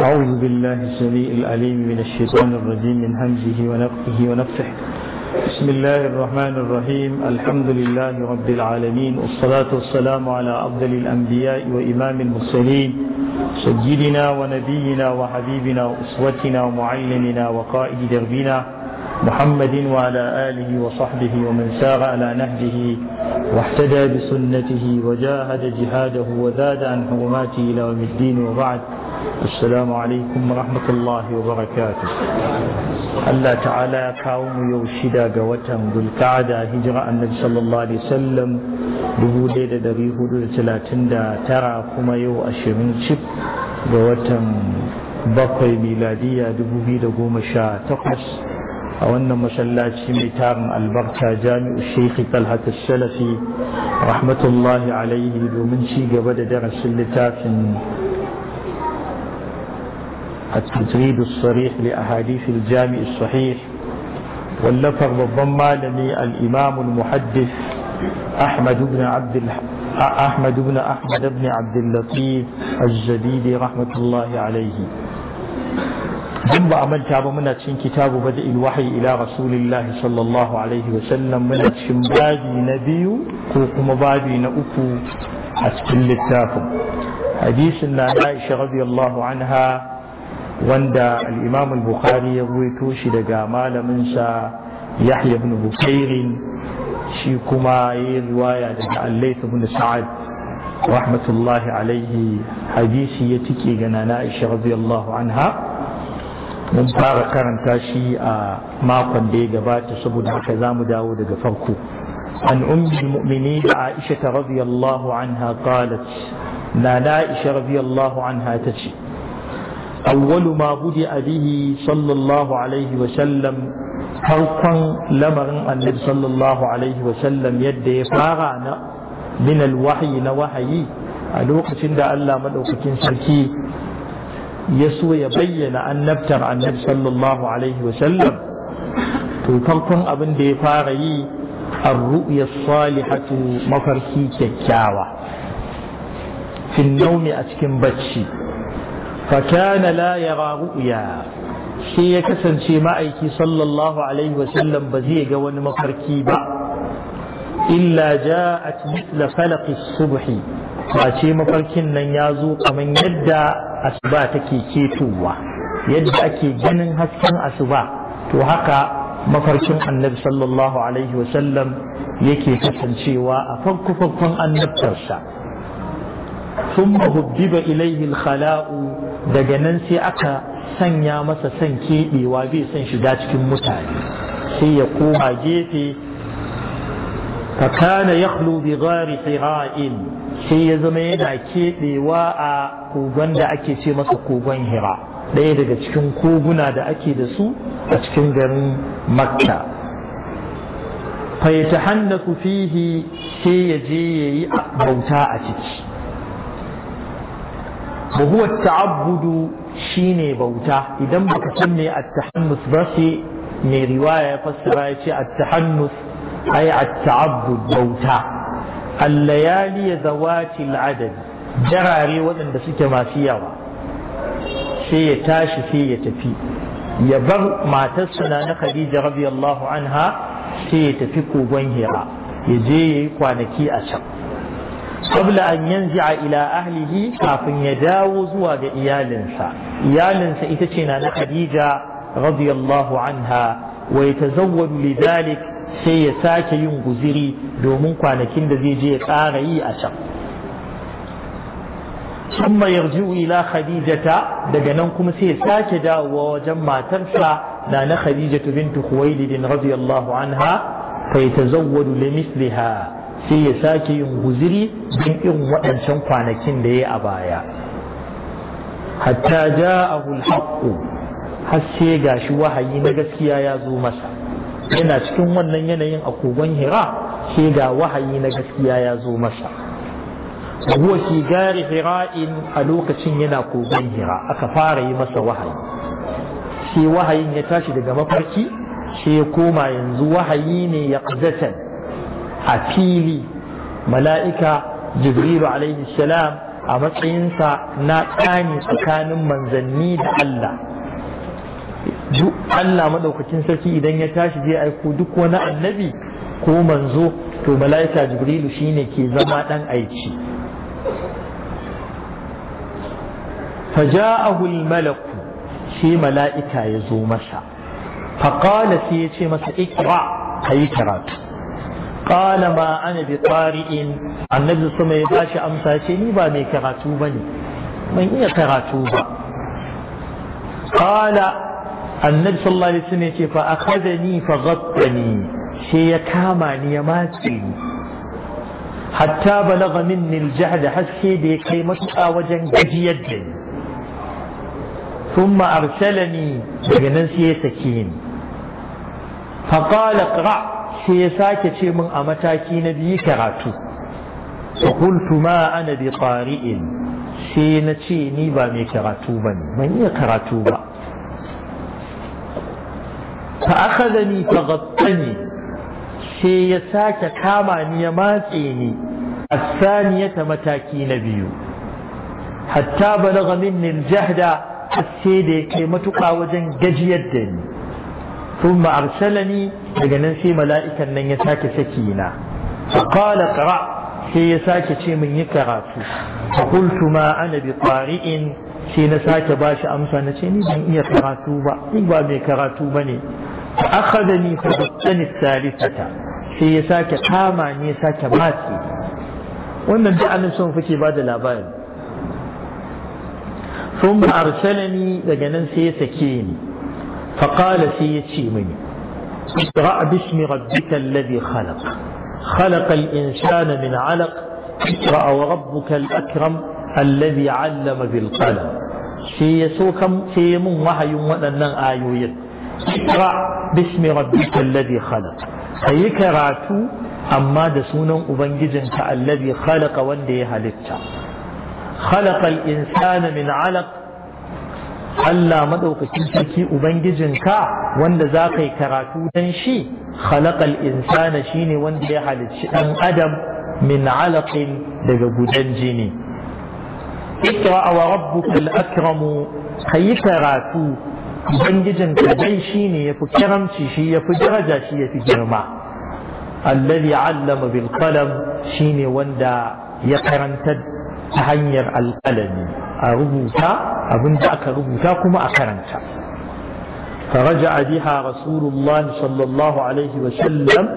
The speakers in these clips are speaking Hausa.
أعوذ بالله السميع العليم من الشيطان الرجيم من همزه ونفخه ونفخه بسم الله الرحمن الرحيم الحمد لله رب العالمين والصلاة والسلام على أفضل الأنبياء وإمام المرسلين سيدنا ونبينا وحبيبنا وأسوتنا ومعلمنا وقائد دربنا محمد وعلى آله وصحبه ومن سار على نهجه واحتدى بسنته وجاهد جهاده وزاد عن حرماته إلى يوم الدين وبعد السلام عليكم ورحمة الله وبركاته الله تعالى كاوم يوشدا قوتهم ذو كعدا هجرة النبي صلى الله عليه وسلم دبودي دري هدو تلاتين دا ترى كما يو أشرين شب قوتهم بقي ميلادية دبوبي دقوم شا تقص a wannan masallaci mai tarin albarka jami'u sheikh talhat salafi rahmatullahi alaihi domin ci gaba da darasin التجريد الصريح لأحاديث الجامع الصحيح واللفظ بالضمة لني الإمام المحدث أحمد بن عبد أحمد بن أحمد بن عبد اللطيف الجديد رحمة الله عليه ثم عمل كتاب من كتاب بدء الوحي إلى رسول الله صلى الله عليه وسلم من بادي نبي كوكم بادي نأكو أتشين للتافم حديث عائشة رضي الله عنها wanda al al-bukhari ya ruwaito shi daga malamin sa yahya ibn bukairin shi kuma yi riwaya daga al-layth ibn sa'ad rahmatullahi alaihi hadisi ya tike ga nana aisha radiyallahu anha mun fara karanta shi a makon da ya gabata saboda haka za mu dawo daga farko عن أم المؤمنين عائشة رضي الله عنها قالت لا لا عائشة رضي الله عنها awwalu ma a bihi sallallahu alaihi wa sallam farkon lamarin annabi sallallahu alaihi wa sallam yadda ya fara na min alwahyi na wahayi a lokacin da Allah madaukakin sarki ya so ya bayyana annabtar annabi sallallahu alaihi wa sallam to abin da ya fara yi الرؤيا الصالحة مفرسي كيكاوة في النوم أتكن bacci. fakana la yara ru'ya shi ya kasance ma'aiki sallallahu alaihi sallam ba zai ga wani mafarki ba illa ja'at mithla falaqi subhi ba ce mafarkin nan ya zo kamar yadda asuba take ketowa yadda ake ganin hasken asuba to haka mafarkin annabi sallallahu alaihi wasallam yake kasancewa a farko farkon annabtarsa ثم هبب إليه الخلاء daga nan sai aka sanya masa son keɓewa bai son shiga cikin mutane sai ya koma gefe kana ya bi gari sira'in sai ya zama yana keɓewa a kogon da ake ce masa kogon hira ɗaya daga cikin koguna da ake da su a cikin garin makka fa ya fihi sai ya je ya yi bauta a ciki wa huwa ta'abbudu shine bauta idan baka san me at-tahannus ba sai mai riwaya ya fassara ya ce at-tahannus ay at-ta'abbud bauta al-layali zawati al-adad jarare waɗanda suke masu yawa sai ya tashi sai ya tafi ya bar matarsa na na Khadija radiyallahu anha sai ya tafi kogon hira ya je yayi kwanaki a can qabla an yanzi'a ila ahlihi kafin ya dawo zuwa ga iyalinsa iyalinsa ita ce na na Khadija radiyallahu anha wa yatazawwadu lidhalik sai ya sake yin guziri domin kwanakin da zai je ya tsara yi a can ثم يرجع إلى خديجة matarsa na سيساك دا وجمع ترسى لأن خديجة بنت خويلد رضي الله عنها فيتزود لمثلها sai ya sake yin guziri don irin waɗancan kwanakin da ya a baya hatta ja a haqqu har sai shi wahayi na gaskiya ya zo masa yana cikin wannan yanayin a kogon hira sai ga wahayi na gaskiya ya zo masa abuwa shi gari hira'in a lokacin yana kogon hira aka fara yi masa wahayi sai wahayin ya tashi daga mafarki sai ya koma yanzu wahayi ne ya ƙazatan a fili mala'ika jibrilu alaihi salam a matsayinsa na tsani tsakanin manzanni da Allah duk Allah madaukakin sarki idan ya tashi zai aiko duk wani annabi ko manzo to mala'ika jibrilu shine ke zama ɗan aiki فجاءه الملك شي ملائكة يزومشا فقال سيتي مسا اقرأ هي karatu." قال ما أنا بطارئ النبي صلى الله عليه وسلم أمسى شيء با مي كراتو بني من إيه كراتو با قال النبي صلى الله عليه وسلم يتي فأخذني فغطني شيء يا كاماني يماتيني حتى بلغ مني الجهد حسي دي كي كلمة وجن جدي ثم أرسلني بنسي سكين فقال اقرأ sai ya ce min a mataki na biyu karatu su kultu ma ana bi ƙari'in sai na ce ni ba mai karatu ba ne iya karatu ba fa aka zani ta gabta ne sai ya sake kama ni ya matse ni a ta mataki na biyu hatta balaga min jahda sai da ya kai matuƙa wajen gajiyar da ni ثم أرسلني لجنن في ملائكة من يساك سكينة فقال اقرأ في يساك شي من يكرات فقلت ما أنا بقارئ شي نساك باش أمسى نشيني من إيه كراتوبة إيه من كراتوبني فأخذني فبطني الثالثة في يساك قاما يساك ماتي wannan duk annabi sun fake ba da labari sun arsalani daga nan sai ya sake ni فقال سيتي مني اقرأ باسم ربك الذي خلق خلق الإنسان من علق اقرأ وربك الأكرم الذي علم بالقلم سيسو كم سيمون وحي وأنن آيوية اقرأ باسم ربك الذي خلق أي كراتو أما دسون أبنجزنك الذي خلق وندي هلتا خلق الإنسان من علق Allah madaukakin sarki ubangijinka wanda za ka yi karatu dan shi khalaqal insana shine wanda ya halicci ɗan adam min alaqin daga gudan jini ikra wa rabbukal akramu kayi karatu ubangijinka dai shine yafi karamci shi yafi daraja shi yafi girma alladhi allama bil qalam shine wanda ya karantar ta hanyar alqalami a rubuta abin da aka rubuta kuma a karanta فرجع بها رسول الله صلى الله عليه وسلم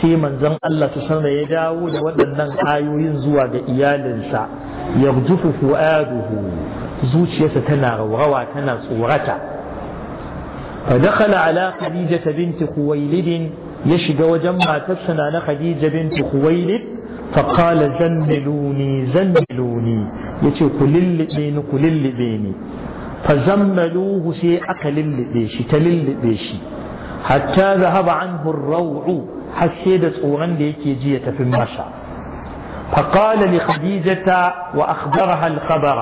في منزل الله تسمى يداو ودنن آيوين زوا إيالنسا يغجف فؤاده زوجية تنا روغوا تنا صورتا فدخل على خديجة بنت خويلد يشق وجمع تسنى خديجة بنت خويلد فقال زملوني زملوني yace ku lillibe ni ku lillibe ni fa zammaluhu sai aka lillibe shi ta lillibe shi hatta zahaba anhu ar-raw'u har sai da tsoron da yake ji ya tafi masa فقال لخديجة وأخبرها الخبر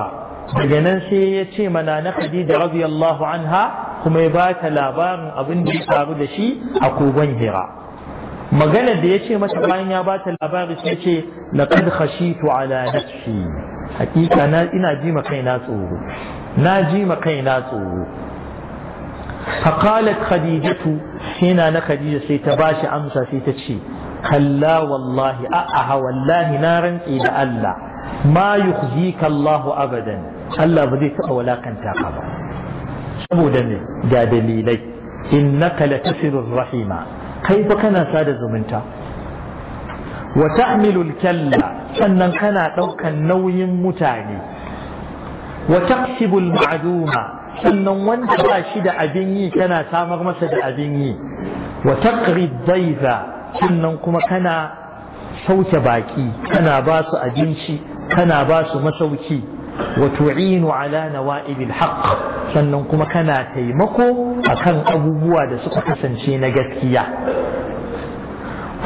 دجنان سي يتي منا خديجة رضي الله عنها كما يبات لابان أبن دي فارو دشي أقوبان هرا مغانا دي يتي متبعين يبات لابان سي يتي لقد خشيت على نفسي hakika na ina ji ma kaina tsoro na ji ma kaina tsoro fa qalat khadijatu hina na khadija sai ta bashi amsa sai ta ce kalla wallahi a'a aha wallahi na rantsi da Allah ma yukhzika Allah abadan Allah ba zai taba walakanta ka ba saboda ne ga dalilai innaka latasirur rahima kai fa kana sada zumunta وتحمل الكلا sannan kana ɗaukan nauyin mutane wa taqsibu al-ma'duma sannan wanda ba shi da abin yi kana samar masa da abin yi wa taqri dhayfa sannan kuma kana sauke baki kana ba su abinci kana ba su masauki wa tu'inu ala nawa'ib al-haqq sannan kuma kana taimako akan abubuwa da suka kasance na gaskiya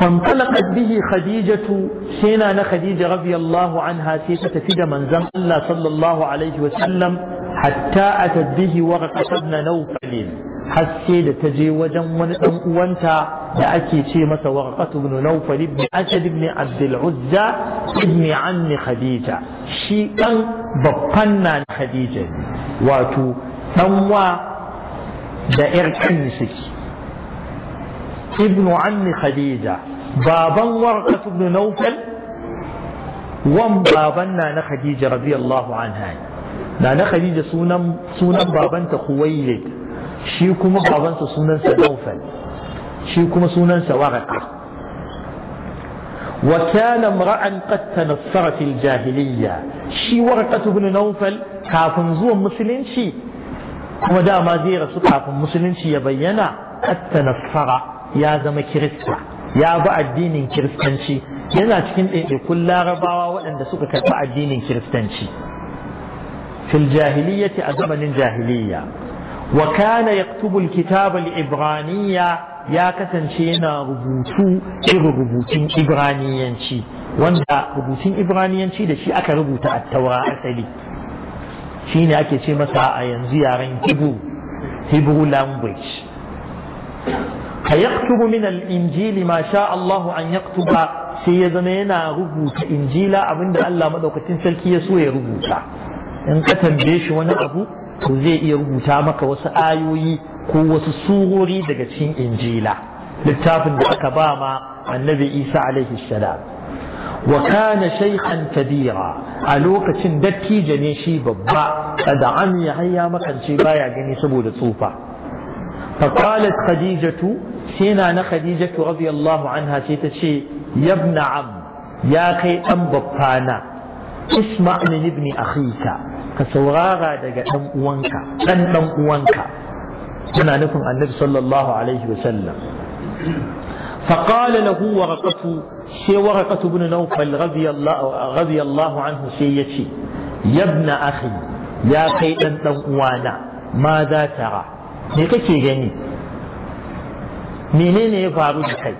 فانطلقت به خديجة سينا أنا خديجة رضي الله عنها سيسة فد من زم الله صلى الله عليه وسلم حتى أتت به ورقة ابن نوفل حسيد تجي وجن وانت لأكي شيمة ورقة بن نوفل بن أسد بن عبد العزى ابن عم خديجة شيئا بطنا خديجة واتو نوا دائر كنسك ابن عم خديجة بابا ورقة بن نوفل وم بابا نانا خديجة رضي الله عنها نانا خديجة سونم بابا بابنت خويلد شيكم بابا بابنت سونا نوفل شي كما وكان امرأ قد تنصر في الجاهلية شي ورقة بن نوفل كافن زو مسلم شي وما دام zai rasu مسلم شي ya قد تنصر ya zama kirista ya bi addinin kiristanci yana cikin ɗaiɗaikun larabawa waɗanda suka karɓi addinin kiristanci fil jahiliyyati a zamanin jahiliyya wa kana yaktubu alkitaba al-ibraniyya ya kasance yana rubutu irin rubutun ibraniyanci wanda rubutun ibraniyanci da shi aka rubuta at-taura asali shine ake ce masa a yanzu yaren hebrew hebrew language ka yaktubu min al-injili ma sha Allahu an yaktuba sai ya zama yana rubuta injila abinda Allah madaukakin sarki ya so ya rubuta in ka tambaye shi wani abu to zai iya rubuta maka wasu ayoyi ko wasu surori daga cikin injila littafin da aka ba ma annabi Isa alaihi salam wa kana shaykhan kabira a lokacin dattijo ne shi babba kada an ya makance baya gani saboda tsufa فقالت خديجة سينا أنا خديجة رضي الله عنها سيتشي يا ابن عم يا كي أم بطانا اسمع من ابن أخيك كسورارا دقا أم أوانك أن أم أوانك أنا نفهم النبي صلى الله عليه وسلم فقال له ورقة شي ورقة بن نوفل رضي الله رضي الله عنه سيتشي يا ابن أخي يا كي أن أم أوانا ماذا ترى me kake gani menene ya faru da kai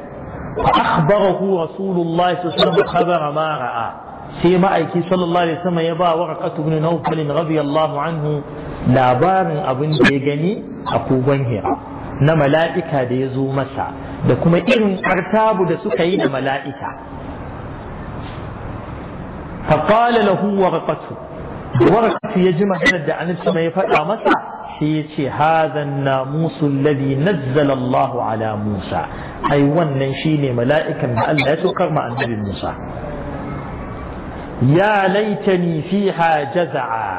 akhbarahu rasulullahi sallallahu alaihi wasallam khabara ma ra'a sai ma'aiki sallallahu alaihi wasallam ya ba warqatu ibn nawfal radiyallahu anhu labarin abin da ya gani a kogon hira na mala'ika da ya zo masa da kuma irin artabu da suka yi da mala'ika فقال له ورقته ورقته يجمع هذا عن السماء faɗa masa. sai ya ce hazan namusu alladhi ala Musa ai wannan shine mala'ikan da Allah ya saukar ma annabi Musa ya laitani fiha jaza'a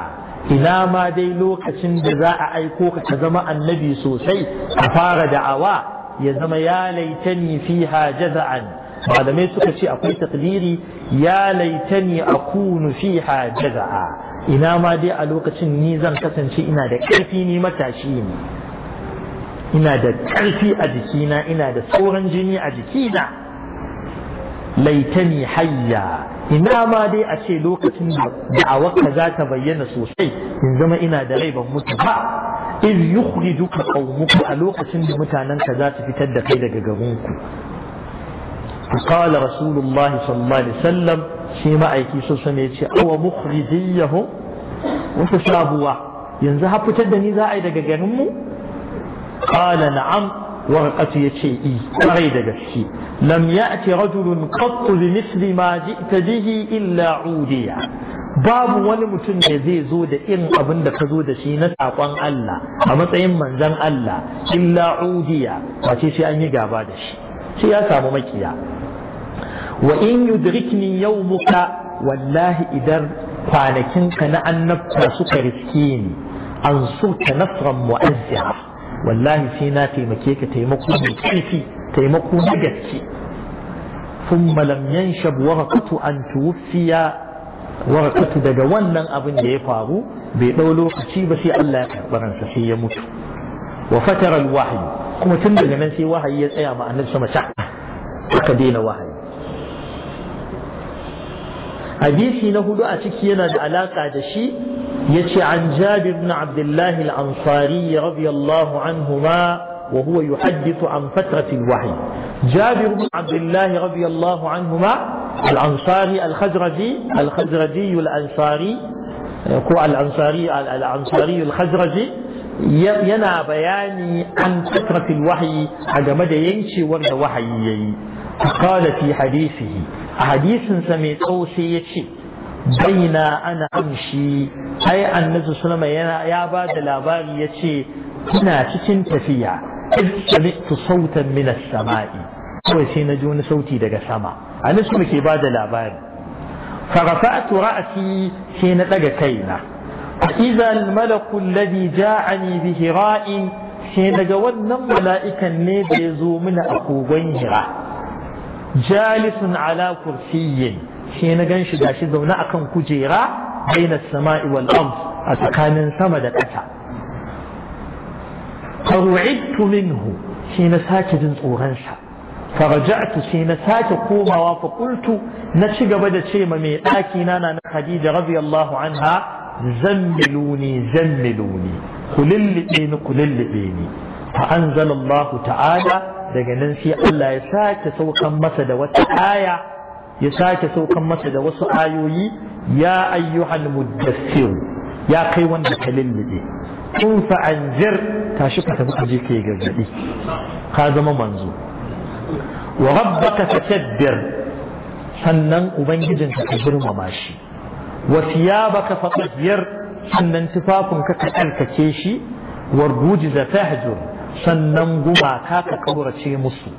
ina ma dai lokacin da za a aiko ka ka zama annabi sosai a fara da'awa ya zama ya laitani fiha jaza'an malamai suka ce akwai takdiri ya laitani akunu fiha jaza'a ina ma dai a lokacin ni zan kasance ina da ƙarfi ni matashi ne ina da ƙarfi a jikina ina da sauran jini a jikina laitani hayya ina ma dai a ce lokacin da da'awarka za ta bayyana sosai in zama ina da rai ban mutu ba iz yukhrijuka qaumuka a lokacin da mutanenka za su fitar da kai daga garinku qala rasulullahi sallallahu alaihi wasallam shi ma'aiki sun sani ya ce awa mukhrijiyahum wata sabuwa yanzu ha fitar da ni za a yi daga garin mu qala na'am warqatu yace i kwarai da gaske lam ya'ti rajulun qattu bi misli ma ji'ta bihi illa udiya babu wani mutum da zai zo da irin abin da ka zo da shi na saƙon Allah a matsayin manzon Allah illa udiya wace sai an yi gaba da shi sai ya samu makiya وإن يدركني يومك والله إذا فانكنك أن نبقى سكر سكين صرت نصرا مؤزرا والله سينا تيمكيك تيمكو من كيفي تيمكو نجتي ثم لم ينشب ورقة أن توفي ورقة دجوانا أبن يفارو بيقولوا قتيبة في الله أكبر هي يموت وفتر الوحي كما تندل من سي وحي يتأيى أن النبي سمسح أكدين وحي hadisi na hudu a ciki yana da alaka da shi yace an jabir ibn abdullah al-ansari radiyallahu وهو يحدث عن فترة الوحي جابر بن عبد الله رضي الله عنهما الأنصاري الخزرجي الخزرجي الأنصاري هو الأنصاري الأنصاري الخزرجي ينا بياني عن فترة الوحي على مدى ينشي ورد وحي قال في حديثه a hadisinsa mai tsawo sai ya ce baina ana amshi ai annabi sallama yana ya ba da labari ya ce ina cikin tafiya id sami'tu sautan min as-sama'i kawai sai na ji wani sauti daga sama annabi ke ba da labari fa rafa'tu ra'si sai na daga kaina فإذا الملك الذي جاءني به رائي سينجا ونم ملائكا zo يزومنا أخو hira. jalisun ala kursiyyin shi na gan shi gashi zaune kan kujera baina sama'i wal ard a tsakanin sama da ƙasa faru'idtu minhu shi na sake jin tsoron sa فرجعت سين ساك كوما فقلت نشق بدا شيء ممي آكينا نانا خديجة رضي الله عنها زملوني زملوني قل اللئين قل اللئين فأنزل الله تعالى daga nan sai Allah ya sake saukan masa da wata aya ya sake saukan masa da wasu ayoyi ya ayyuhal mudassir ya kai wanda ka lullube in fa anzir tashi ka tafi aje ka gargadi ka zama manzo wa rabbaka fakabbir sannan ubangijinka ka girmama shi wa thiyabaka fatahhir sannan tufafin ka tsarkake shi wa rujiza tahjur sannan gumaka ka kaurace musu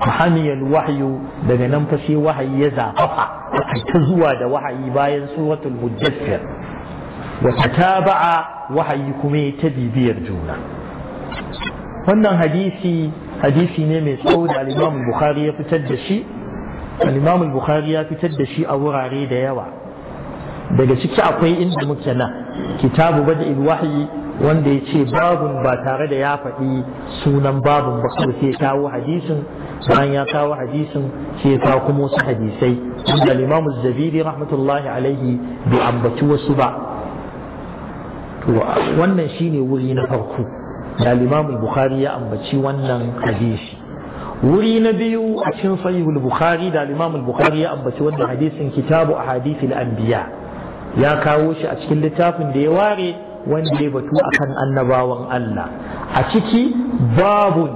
muhammiyar wahayu daga nan fashe wahayi ya zafafa ta zuwa da wahayi bayan suratul muddassir wa tataba'a wahayi kuma ya ta bibiyar juna wannan hadisi hadisi ne mai tsawo da al Bukhari ya fitar da shi al Bukhari ya fitar da shi a wurare da yawa daga ciki akwai inda muke nan kitabu bada'il wahyi wanda ya ce babun ba tare da ya faɗi sunan babun ba kuma sai kawo hadisin bayan ya kawo hadisin sai ya kawo kuma wasu hadisai wanda limamu zabiri rahmatullahi alaihi bai ambaci wasu ba to wannan shine wuri na farko da limamu bukhari ya ambaci wannan hadisi wuri na biyu a cikin sahihul bukhari da limamu bukhari ya ambaci wannan hadisin kitabu ahadithil anbiya ya kawo shi a cikin littafin da ya ware wanda ya batu akan annabawan Allah a ciki babun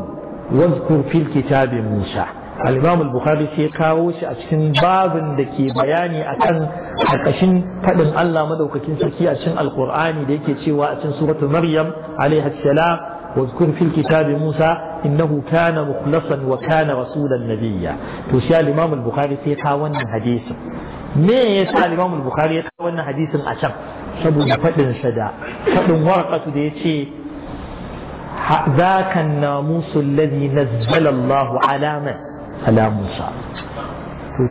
wazkur fil kitabi Musa al-Imam al-Bukhari sai kawo shi a cikin babin da ke bayani akan karkashin fadin Allah madaukakin sarki a cikin Al-Qur'ani da yake cewa a cikin suratul Maryam alaiha salam واذكر في الكتاب موسى إنه كان to shi al-imam al-bukhari البخاري kawo wannan حديث me ya sa Imam Bukhari ya kawo wannan hadisin a can saboda faɗin sa da faɗin warqatu da yace ذاك الناموس الذي نزل الله على من على موسى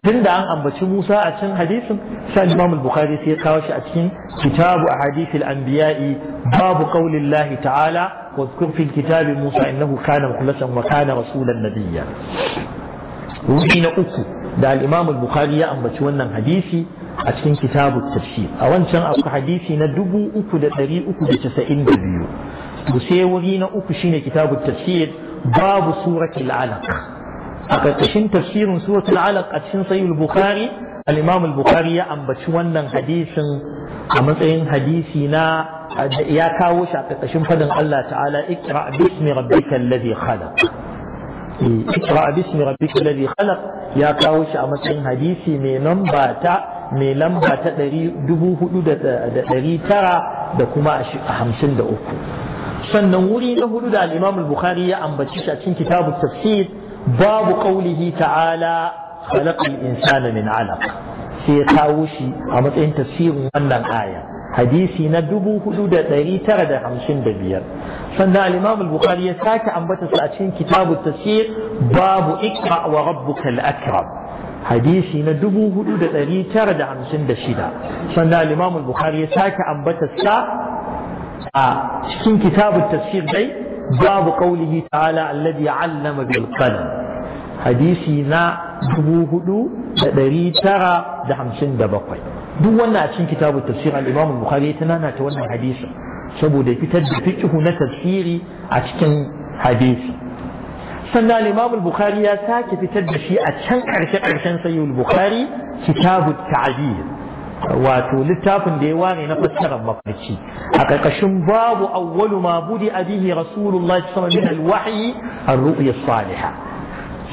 tun da an ambaci Musa a cikin hadisin sai Imam Bukhari sai ya kawo shi a cikin kitabu ahadith al-anbiya'i babu qaulin ta'ala wa kitabin fil kitabi Musa innahu kana mukhlasan wa kana rasulan nabiyya wuri na uku da al bukhari ya ambaci wannan hadisi a cikin kitabu tafsir a wancan akwai hadisi na 3392 to sai wuri na uku shine kitabu tafsir babu suratul alaq a ƙarƙashin tafsirin suratul alaq a cikin sahih bukhari al bukhari ya ambaci wannan hadisin a matsayin hadisi na ya kawo shi a ƙarƙashin fadin Allah ta'ala iqra bismi rabbikal ladhi khalaq اقرأ باسم ربك الذي خلق ya kawo shi a matsayin hadisi mai lamba ta mai lamba ta dubu hudu da ɗari tara da kuma hamsin da uku sannan wuri na hudu da al'imam bukhari ya ambaci shi a cikin kitabu tafsir babu qaulihi ta'ala khalaqa al-insana min 'alaq sai ya kawo shi a matsayin tafsirin wannan aya hadisi na dubu hudu da ɗari tara da hamsin da biyar sannan al-imam al-bukhari ya sake ambata su a cikin kitabu tafsir babu ikra wa Rabbu akram hadisi na dubu hudu da ɗari tara da hamsin da shida sannan al-imam al-bukhari ya sake ambata sa a cikin kitabu tafsir dai babu qaulihi ta'ala alladhi 'allama bil qalam hadisi na dubu hudu da ɗari tara da hamsin da bakwai duk wannan a cikin kitabu tafsir al-Imam al-Bukhari ya tunana ta wannan hadisi saboda fitar da fiqhu na tafsiri a cikin hadisi sannan al-Imam al-Bukhari ya sake fitar da shi a can karshe karshen sahih al-Bukhari kitabu wato littafin da ya ware na fassarar mafarki a ƙarƙashin babu awwalu ma budi abihi rasulullahi sallallahu alaihi wasallam min al-wahyi ar-ru'ya as-salihah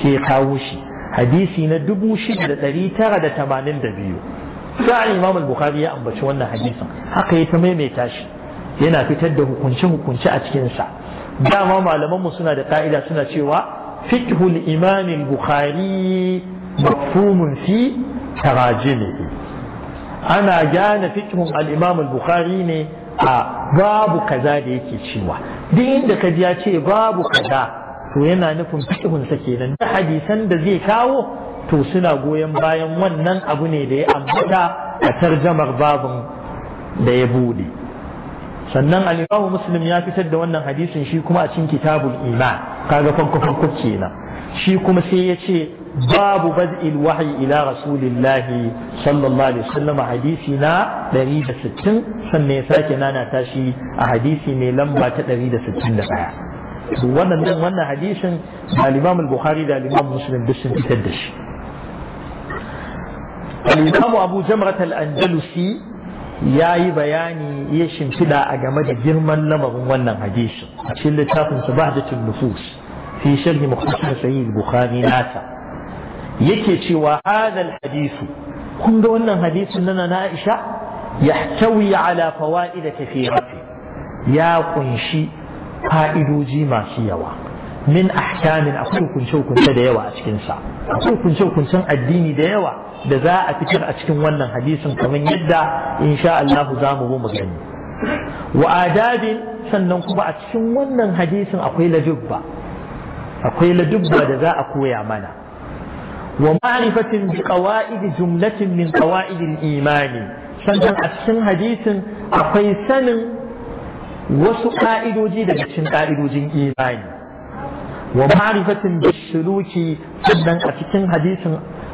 sai kawo shi hadisi na 6982 sai imam al-bukhari ya ambaci wannan hadisin haka ya ta maimaita shi yana fitar da hukunci hukunci a cikin cikinsa dama mu suna da ka'ida suna cewa fiqhul imam al-bukhari mafhumun fi tarajimihi ana gane fiqhun al-imam al-bukhari ne a babu kaza da yake cewa duk inda ka ji ya ce babu kaza to yana nufin fiqhun sa kenan da hadisan da zai kawo to suna goyon bayan wannan abu ne da ya ambata a tarjamar babin da ya bude sannan alifahu muslim ya fitar da wannan hadisin shi kuma a cikin kitabun iman kaga farko farko na shi kuma sai ya ce babu bazil wahyi ila rasulillahi sallallahu alaihi wasallam hadisi na 160 sannan ya sake nana tashi a hadisi mai lamba ta 161 wannan wannan hadisin da al-Imam bukhari da al-Imam Muslim duk sun fitar da shi al-imam abu jamrat al-andalusi yayi bayani ya shimfiɗa a game da girman lamarin wannan hadisi a cikin littafin sabahatul nufus fi sharh mukhtasar sahih bukhari nasa yake cewa hadha al-hadisu kun ga wannan hadisin nan na Aisha yahtawi ala fawaid kathira ya kunshi fa'idoji masu yawa min ahkamin akwai hukunce hukunce da yawa a cikinsa akwai hukunce hukuncen addini da yawa da za a fitar a cikin wannan hadisin kamar yadda insha Allah za mu mu gani wa adabin sannan kuma a cikin wannan hadisin akwai ladubba akwai ladubba da za a koya mana wa ma'rifatin bi qawaid jumlatin min qawaid imani sannan a cikin hadisin akwai sanin wasu ka'idoji daga cikin ka'idojin imani ومعرفة بالسلوكي أن أتكن حديث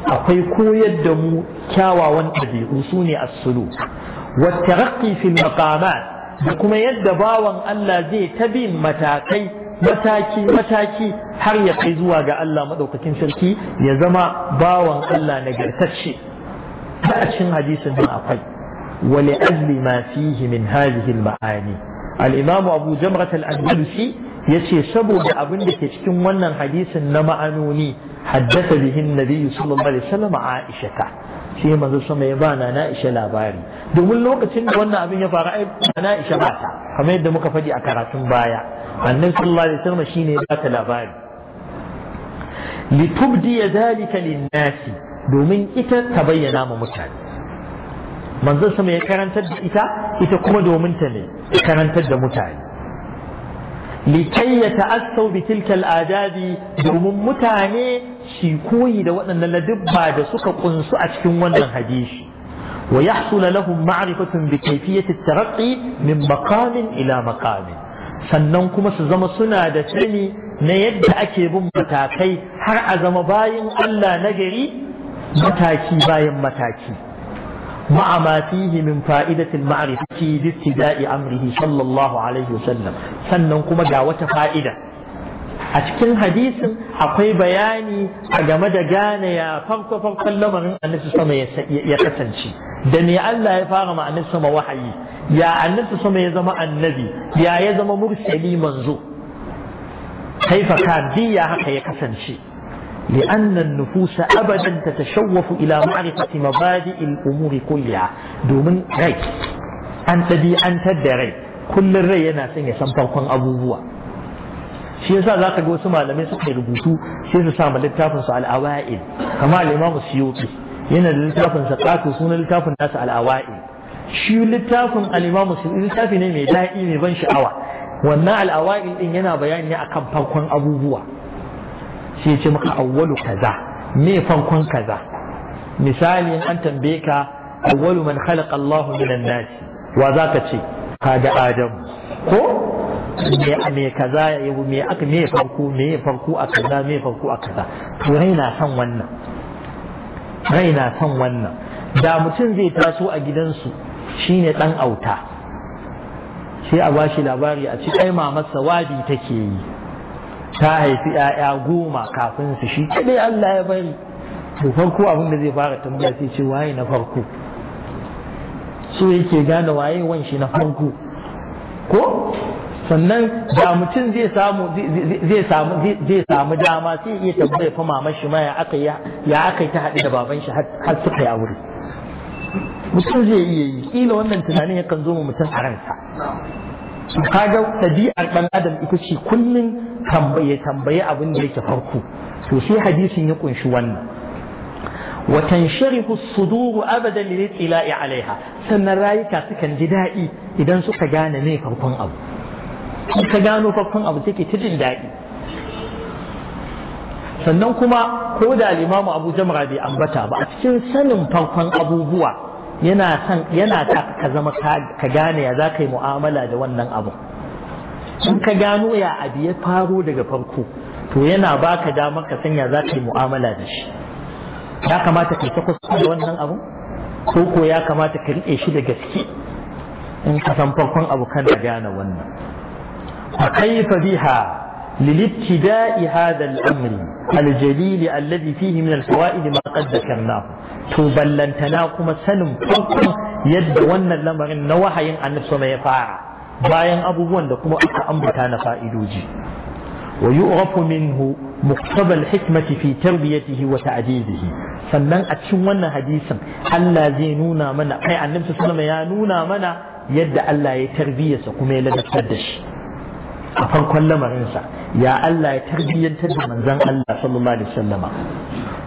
أقول كوية دمو كاوا وانتبي أصوني السلوك والترقي في المقامات لكم يد باوا ألا زي تبي متاكي متاكي متاكي حري قيزوا جاء الله مدوك تنسلكي يزما باوا ألا نجر تشي أتكن حديث من ولأجل ما فيه من هذه المعاني الإمام أبو جمرة الأندلسي yace saboda abin da ke cikin wannan hadisin na ma'anoni haddasa bihin nabiyyu sallallahu alaihi wasallam Aisha ta shi manzo sama ya bana na Aisha labari domin lokacin da wannan abin ya faru ai na Aisha ba ta kamar yadda muka faɗi a karatun baya annabi sallallahu alaihi wasallam shine ya bata labari litubdi dhalika lin domin ita ta bayyana ma mutane manzo sama ya karantar da ita ita kuma domin ta ne karantar da mutane لكي يتأثوا بتلك الآداب دوم متاني شي كوي دا وأن لدبا دا سكا قنسو أتكن ونن ويحصل لهم معرفة بكيفية الترقي من مقام إلى مقام سننكم سزم سنة zama suna da sani na yadda ake bin matakai har a zama مع ما فيه من فائدة المعرفة بابتداء أمره صلى الله عليه وسلم سننكم جاوة فائدة أتكن حديث أقوي بياني أجمد جانا يا فرق فرق لمن أن السماء يتسنشي دني ألا يفارم عن السماء وحي يا أن السماء يزم النبي يا يزم مرسلي منزو كيف كان دي يا حقي يتسنشي لأن النفوس أبدا تتشوف إلى معرفة مبادئ الأمور كلها دون ريت أنت دي أنت دي كل ري أنا سنة سنفق أبو بوا شيء سأل الله تقول سمع لما يسكن ربوتو شيء سأل الله تقول سمع الأوائل كما الإمام السيوطي ين التافن سقاط وسون التافن ناس على أوائل شو التافن الإمام السيوطي التافن إيه لا إيه بنش أوى ونا على أوائل إن ينا بيان يا أكم أبو بوا sai ce maka awwalu kaza me farkon kaza misali an tambaye ka awwalu man khalaqa Allahu minan nas wa zaka ce da Adam ko me kaza me aka me farko me farko a kaza me farko a kaza to rai na san wannan rai na san wannan da mutum zai taso a gidansu shine dan auta sai a bashi labari a ci kai mamar wadi take yi ta haifi ‘ya'ya goma kafin su shi kaɗai Allah ya bari to farko abin da zai fara tambaya sai ce waye na farko so yake gane waye wanshi na farko ko sannan da mutum zai samu zai samu zai samu dama sai iya tambaya fa maman shi ma ya aka ya aka ta haɗu da baban shi har suka yi aure mutum zai iya yi kila wannan tunanin yakan zo mu mutum a ransa kaga tabi'ar ɗan adam ita ce kullum tambaye tambaye abin da yake farko to shi hadisin ya kunshi wannan wa tansharihu as-sudur abadan lil-ittila'i sannan rayuka sukan ji daɗi idan suka gane ne farkon abu in ka gano farkon abu take ta jin daɗi sannan kuma ko da limamu abu jamra bai ambata ba a cikin sanin farkon abubuwa yana san yana ka zama ka gane ya za ka yi mu'amala da wannan abu In ka gano ya abu ya faro daga farko to yana baka damar dama ka san ya za ka yi mu'amala da shi ya kamata ka sako su da wannan abu ko ya kamata ka riƙe shi da gaske in ka san farkon abu kan da gane wannan a kai fa biha lilibci da'i hada al'amri aljalili alladhi fihi min alfawaid ma qad dakarna to ballantana kuma sanin farkon yadda wannan lamarin na wahayin annabi ya fara bayan abubuwan da kuma aka ambata na fa'idoji wa yu'rafu minhu muktabal hikmati fi tarbiyatihi wa ta'didihi sannan a cikin wannan hadisin Allah zai nuna mana kai annabi sallallahu ya nuna mana yadda Allah ya tarbiyarsa kuma ya ladabtar da shi a farkon lamarinsa ya Allah ya tarbiyyantar da manzon Allah sallallahu alaihi wasallama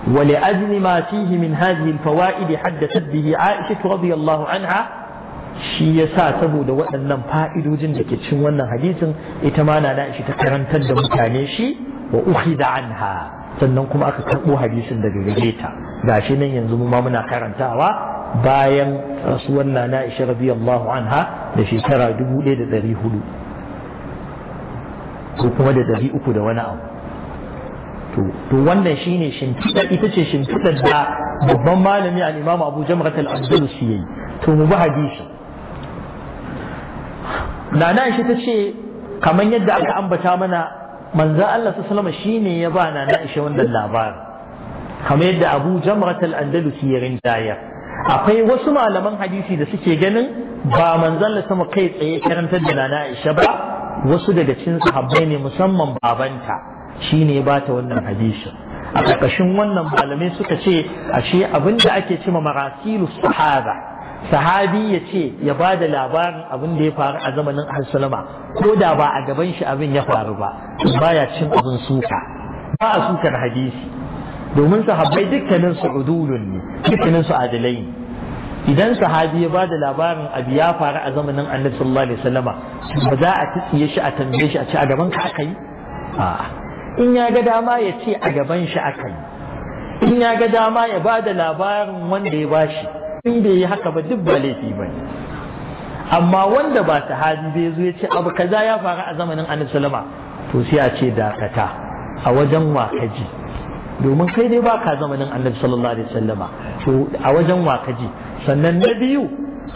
ولأجل ما فيه من هذه الفوائد حدثت به عائشة رضي الله Anha. shi ya sa saboda waɗannan fa'idojin da ke cin wannan hadisin ita ma na shi ta karantar da mutane shi wa uhi da anha sannan kuma aka karɓo hadisin daga gare ta ga shi nan yanzu mu ma muna karantawa bayan rasuwar na na ishe radiyallahu anha da shekara dubu ɗaya da ɗari hudu ko kuma da ɗari uku da wani abu to wannan ne shimfiɗa ita ce shimfiɗar da babban malami a imam abu jamrat Abdul, andalusi yayi to mu bi hadisi nana Aisha ta ce kamar yadda aka ambata mana manzo Allah sallallahu alaihi shine ya ba nana Aisha wannan labarin kamar yadda Abu Jamrat al-Andalusi ya rinjaya akwai wasu malaman hadisi da suke ganin ba manzo Allah sama kai tsaye karantar da nana Aisha ba wasu daga cikin sahabbai ne musamman babanta shine ba ta wannan hadisi a ƙarƙashin wannan malamai suka ce ashe abin da ake cima marasilu sahaba sahabi ya ce ya ba da labarin abin da ya faru a zamanin Hassalama ko da ba a gaban shi abin ya faru ba baya cin abin suka ba a sukar hadisi domin sahabbai dukkanin su udulun ne dukkanin su adalai ne idan sahabi ya ba da labarin abu ya faru a zamanin annabi sallallahu alaihi wasallama ba za a tsiye shi a tambaye shi a ce a gaban ka aka yi in ya ga dama ya ce a gaban shi aka yi in ya ga dama ya ba da labarin wanda ya ba shi. in bai yi haka ba duk ba laifi ba ne amma wanda ba ta hali bai zo ya ce abu kaza ya faru a zamanin annabi to sai a ce dakata a wajen wakaji domin kai dai baka zamanin annabi sallallahu alaihi wasallama to a wajen wakaji sannan na biyu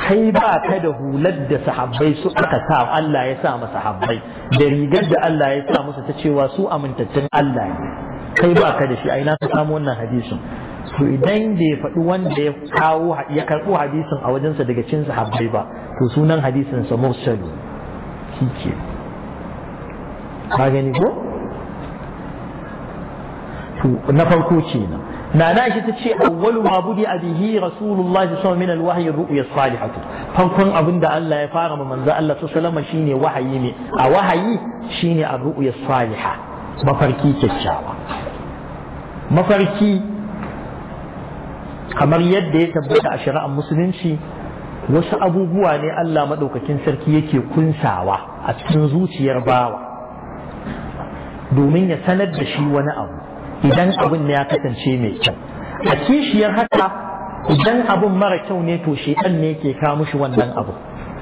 kai ba ka da hular da sahabbai su aka sa Allah ya sa masa sahabbai da rigar da Allah ya sa musu ta cewa su amintattun Allah ne kai ba ka da shi a ina ka samu wannan hadisin to idan bai faɗi wanda ya kawo ya karɓo hadisin a wajensa daga cin sahabbai ba to sunan hadisin sa mursalu kike ka gani ko to na farko kenan na na shi ta ce awwalu ma budi abihi rasulullahi sallallahu min alwahyi ru'ya salihatu farkon abin da Allah ya fara ma manzo Allah sallallahu alaihi shine wahayi ne a wahayi shine a ru'ya salihah mafarki kyakkyawa mafarki kamar yadda ya tabbata a shari'ar musulunci wasu abubuwa ne Allah maɗaukakin sarki yake kunsawa a cikin zuciyar bawa domin ya sanar da shi wani abu idan abin ya kasance mai kyau a kishiyar haka idan abin mara kyau ne to ɗan ne ke kawo mushi wannan abu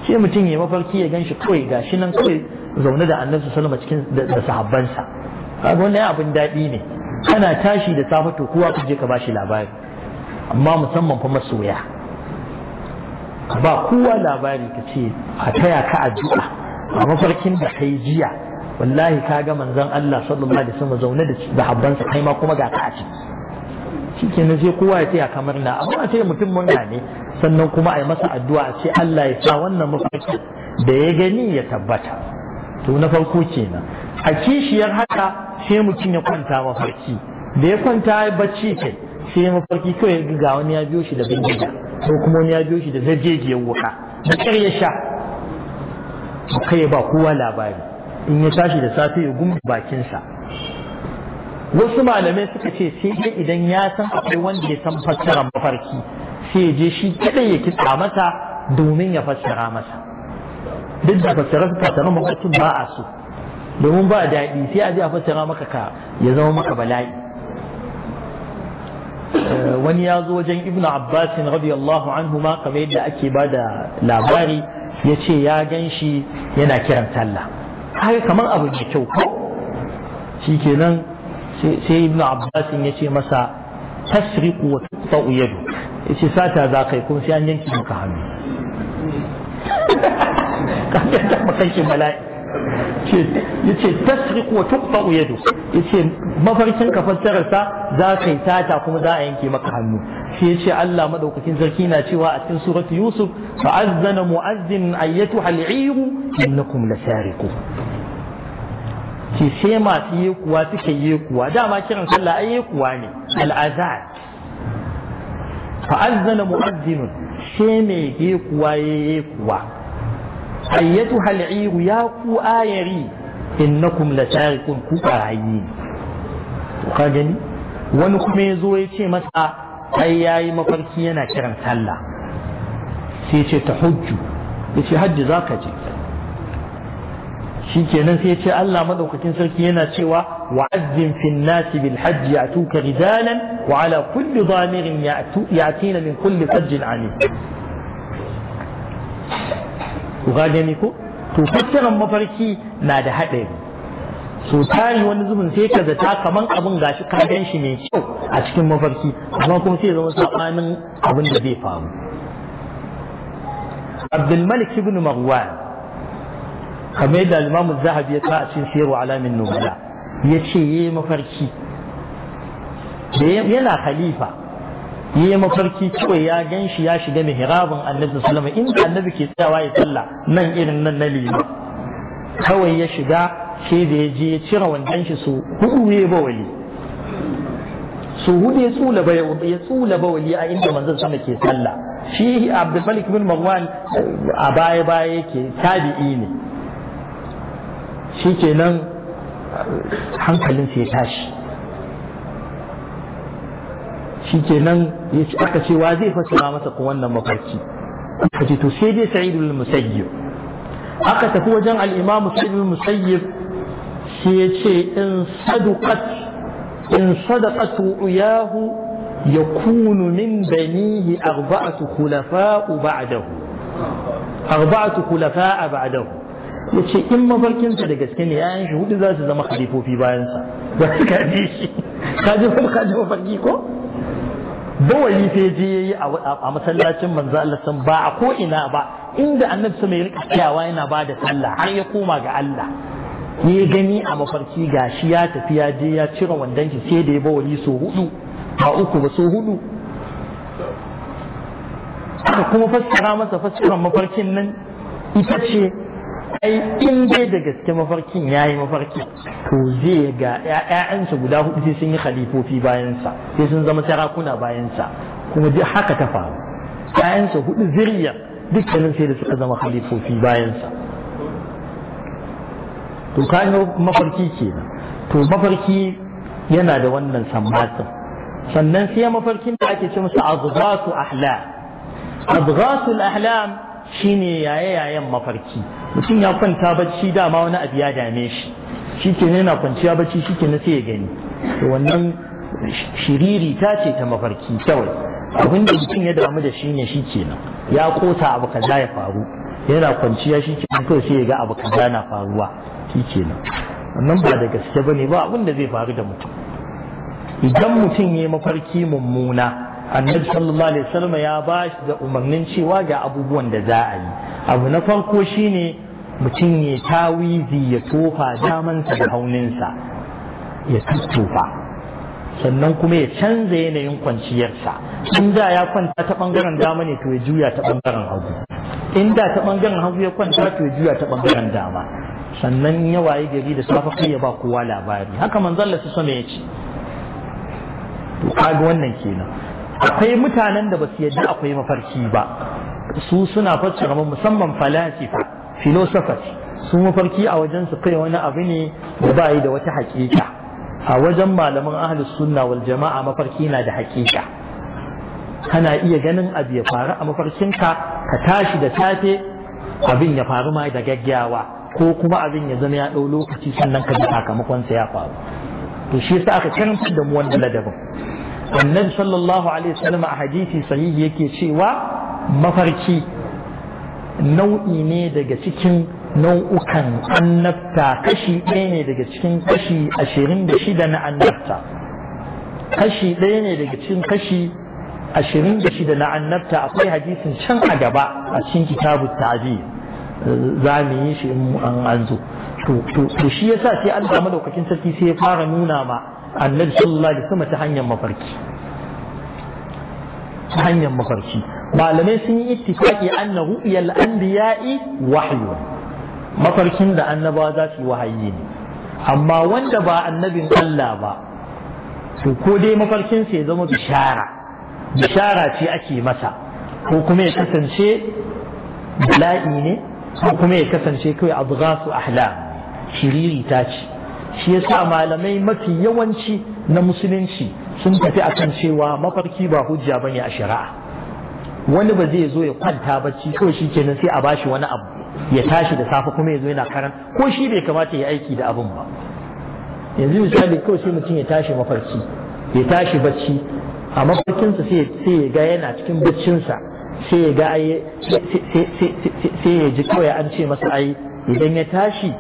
sai mutum ya mafarki ya gan shi kawai ga shi nan kawai zaune da annabi salama cikin da sahabbansa kaga wannan abin daɗi ne kana tashi da safe to kowa kuje ka ba shi labari amma musamman fa masoya ba kowa labari ka ce a taya ka addu'a a mafarkin da kai jiya wallahi ka ga manzon Allah sallallahu alaihi wasallam zaune da da habbansa kai ma kuma ga ka a ciki ne sai kowa ya taya kamar na amma a ce mutum mun ne sannan kuma a yi masa addu'a a ce Allah ya sa wannan mafarkin da ya gani ya tabbata to na farko kenan a kishiyar haka sai mutum ya kwanta mafarki da ya kwanta bacci kai sai ya mafarki kawai ya ga wani ya biyo shi da bindiga ko kuma wani ya biyo shi da zajejiyar wuka da ƙyar ya sha to kai ba kowa labari in ya tashi da safe ya gumba bakinsa wasu malamai suka ce sai dai idan ya san akwai wanda ya san fassara mafarki sai ya je shi kadai ya kitsa masa domin ya fassara masa duk da fassara fassara mafarkin ba a so domin ba daɗi sai a je a fassara maka ka ya zama maka bala'i Eh, wani ya zo wajen ibn abbas radiyallahu anhu ma kamar yadda ake ba da labari ya ce ya gan shi yana kiran sallah haka kamar abu mai kyau ko shi kenan sai ibn Abbasin ya ce masa tasriqu wa tuqta'u yadu yace sata za kai kuma sai an yanki maka hannu ka ta yace tasriku wa tuqta'u yadu yace mafarkin ka sa za ka yi tata kuma za a yanke maka hannu shi yace Allah madaukakin sarki na cewa a cikin suratu Yusuf azzana mu'azzin ayyatuha al'iru innakum lasariqu ki sai masu yi kuwa suka yi kuwa dama kiran sallah ai yi kuwa ne al'azan fa'azzana mu'azzinun sai mai yi kuwa yi kuwa ayyatuha al'iru ya ku ayari innakum lasariqun ku barayi to ka gani wani kuma ya zo ya ce masa ai yayi mafarki yana kiran sallah sai ce ta hujju ya ce hajji za ka je shi kenan sai ya ce Allah maɗaukakin sarki yana cewa wa'azzin fin nasi bil hajji ya tuka rijalan wa ala kulli zamirin ya tina min kulli fajjin amin ku ga gani ko to fassaran mafarki na da haɗari so tari wani zubin sai ka zata kaman abin gashi ka gan shi mai kyau a cikin mafarki amma kuma sai zama sabanin abin da zai faru Abdulmalik ibn Marwan kamar da Imam Zahabi ya ta a cikin sayarwa Alamin Nubala ya ce yayi mafarki yana khalifa yi mafarki kawai ya ganshi ya shiga mihrabin annabi sallama inda annabi ke tsayawa ya sallah nan irin nan na lima kawai ya shiga sai da ya je ya cire wandan shi su hudu ne ba wali su hudu ya tsula ba ya tsula ba wali a inda manzon sama ke sallah shi abdul malik bin marwan a baya baya yake tabi'i ne shi hankalin sai ya tashi shikenan aka ce wa zai fassara masa kuma wannan mafarki aka ce to sai dai sa'id musayyib aka tafi wajen al-imam sa'id musayyib sai ya ce in sadaqat in sadaqat ru'yahu yakunu min banihi arba'atu khulafa'u ba'dahu arba'atu khulafa'a ba'dahu yace in mafarkinsa da gaske ne yayan shi hudu za su zama khalifofi bayan sa ba ka ji shi ka ji mafarki ko gawayi sai je yayi a masallacin manzo Allah san ba a ko ina ba inda annabi sama ya rika tsayawa yana ba da sallah har ya koma ga Allah ya gani a mafarki gashi ya tafi ya je ya cire wandon shi sai da ya bawali so hudu ba uku ba so hudu aka kuma fassara masa fassarar mafarkin nan ita ce ai in dai da gaske mafarkin yayi yi mafarki to zai ga ‘ya'yansa guda hudu sai sun yi khalifofi bayan sa sai sun zama sarakuna bayan sa kuma duk haka ta faru ‘ya'yansa hudu zuriya dukkanin sai da suka zama khalifofi bayan sa to kayan mafarki kenan to mafarki yana da wannan sammatin sannan sai mafarkin da ake ce masa azghatu ahlam azghatu ahlam shine yaye yayen mafarki mutum ya kwanta bacci dama wani abu ya dame shi shi ke yana kwanciya bacci shi ke na sai ya gani wannan shiriri ta ce ta mafarki kawai abin da mutum ya damu da shi ne shi ke nan ya kota abu kaza ya faru yana kwanciya shi ke nan kawai sai ya ga abu kaza na faruwa shi ke nan wannan ba da gaske ba ne ba abin da zai faru da mutum idan mutum ya mafarki mummuna annabi sallallahu alaihi wasallam ya ba shi da umarnin cewa ga abubuwan da za a yi abu na farko shine mutum ya tawizi ya tofa damansa da hauninsa ya tuttufa sannan kuma ya canza yanayin kwanciyarsa inda ya kwanta ta bangaren dama ne to ya juya ta bangaren hagu in ta bangaren hagu ya kwanta to ya juya ta bangaren dama sannan ya waye gari da safe kai ya ba kowa labari haka manzon Allah sama ya ce to kaga wannan kenan akwai mutanen da ba su yadda akwai mafarki ba su suna fassara musamman falasifa filosofa sun su mafarki a wajen su kai wani abu ne da ba yi da wata hakika a wajen malaman ahlus sunna wal jama'a mafarki na da hakika kana iya ganin abu ya faru a mafarkinka ka tashi da safe abin ya faru ma da gaggawa ko kuma abin ya zama ya ɗau lokaci sannan ka ji sakamakonsa ya faru to shi yasa aka karanta da mu wannan ladabin annabi sallallahu alaihi wasallam a hadisi sahihi yake cewa mafarki nau'i ne daga cikin nau'ukan annabta kashi ɗaya ne daga cikin kashi ashirin da shida na annabta kashi ɗaya ne daga cikin kashi ashirin da shida na annabta akwai hadisin can a gaba a cikin kitabu tabi za mu yi shi in an an zo to shi yasa sai an samu daukakin sarki sai ya fara nuna ma annabi sallallahu alaihi wasallam ta hanyar mafarki ta hanyar mafarki malamai sun yi ittifaqi anna ru'yal anbiya'i wahyu mafarkin da annaba za su wahayi ne amma wanda ba annabin Allah ba to ko dai mafarkin sai ya zama bishara bishara ce ake masa ko kuma ya kasance bala'i ne ko kuma ya kasance kawai abghasu ahlam shiriri ta ce shi yasa malamai mafi yawanci na musulunci sun tafi akan cewa mafarki ba hujja bane a shari'a wani ba zai zo ya kwanta bacci kawai shi kenan sai a bashi wani abu ya tashi da safe kuma ya zo yana karan ko shi bai kamata ya aiki da abun ba yanzu misali kawai sai mutum ya tashi mafarki ya tashi bacci a mafarkinsa sai ya ga yana cikin baccinsa sai ya ga sai ya ji kawai an ce masa ai idan ya tashi